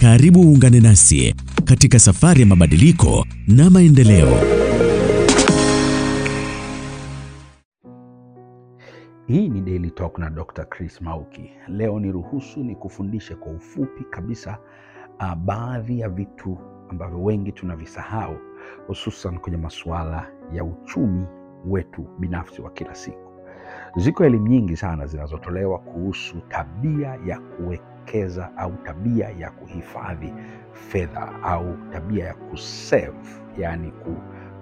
Karibu uungane nasi katika safari ya mabadiliko na maendeleo. Hii ni Daily Talk na Dr. Chris Mauki. Leo ni ruhusu ni kufundishe kwa ufupi kabisa uh, baadhi ya vitu ambavyo wengi tunavisahau hususan kwenye masuala ya uchumi wetu binafsi wa kila siku. Ziko elimu nyingi sana zinazotolewa kuhusu tabia ya kuwekeza au tabia ya kuhifadhi fedha au tabia ya kusave, yani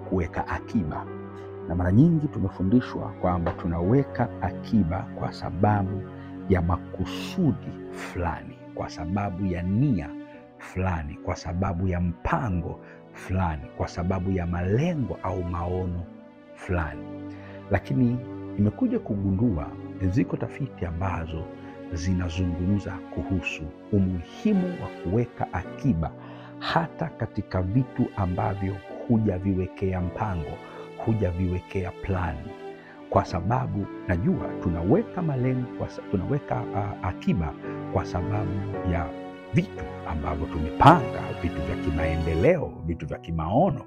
kuweka akiba, na mara nyingi tumefundishwa kwamba tunaweka akiba kwa sababu ya makusudi fulani, kwa sababu ya nia fulani, kwa sababu ya mpango fulani, kwa sababu ya malengo au maono fulani, lakini imekuja kugundua ziko tafiti ambazo zinazungumza kuhusu umuhimu wa kuweka akiba hata katika vitu ambavyo hujaviwekea mpango, hujaviwekea plani, kwa sababu najua tunaweka malengo, tunaweka uh, akiba kwa sababu ya vitu ambavyo tumepanga, vitu vya kimaendeleo, vitu vya kimaono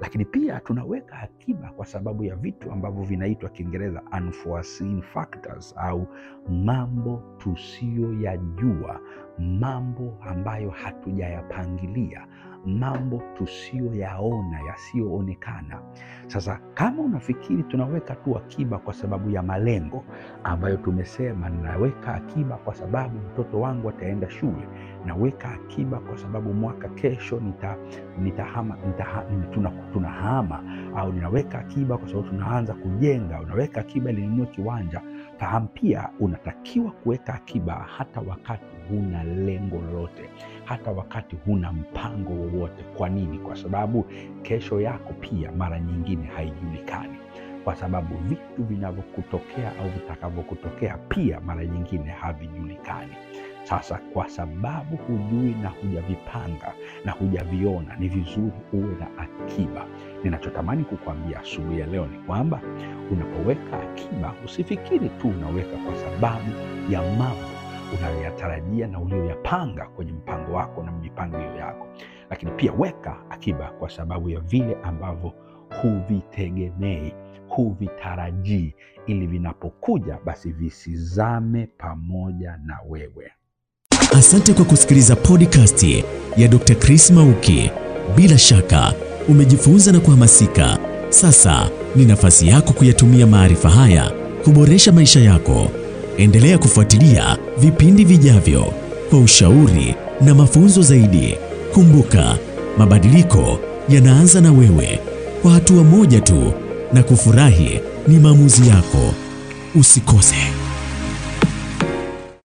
lakini pia tunaweka akiba kwa sababu ya vitu ambavyo vinaitwa Kiingereza unforeseen factors au mambo tusiyoyajua, mambo ambayo hatujayapangilia mambo tusiyoyaona yasiyoonekana. Sasa kama unafikiri tunaweka tu akiba kwa sababu ya malengo ambayo tumesema, naweka akiba kwa sababu mtoto wangu ataenda shule, naweka akiba kwa sababu mwaka kesho nita, nita, nitaha, tunahama au ninaweka akiba kwa sababu tunaanza kujenga, unaweka akiba ili ninunue kiwanja. Fahamu pia unatakiwa kuweka akiba hata wakati huna lengo lolote, hata wakati huna mpango wowote. Kwa nini? Kwa sababu kesho yako pia mara nyingine haijulikani, kwa sababu vitu vinavyokutokea au vitakavyokutokea pia mara nyingine havijulikani. Sasa kwa sababu hujui na hujavipanga na hujaviona, ni vizuri uwe na akiba. Ninachotamani kukuambia asubuhi ya leo ni kwamba unapoweka akiba, usifikiri tu unaweka kwa sababu ya mambo unayoyatarajia na uliyoyapanga kwenye mpango wako na mipangilio yako, lakini pia weka akiba kwa sababu ya vile ambavyo huvitegemei, huvitarajii, ili vinapokuja basi visizame pamoja na wewe. Asante kwa kusikiliza podcasti ya Dr. Chris Mauki. Bila shaka umejifunza na kuhamasika. Sasa ni nafasi yako kuyatumia maarifa haya kuboresha maisha yako. Endelea kufuatilia vipindi vijavyo kwa ushauri na mafunzo zaidi. Kumbuka, mabadiliko yanaanza na wewe, kwa hatua moja tu, na kufurahi ni maamuzi yako. Usikose.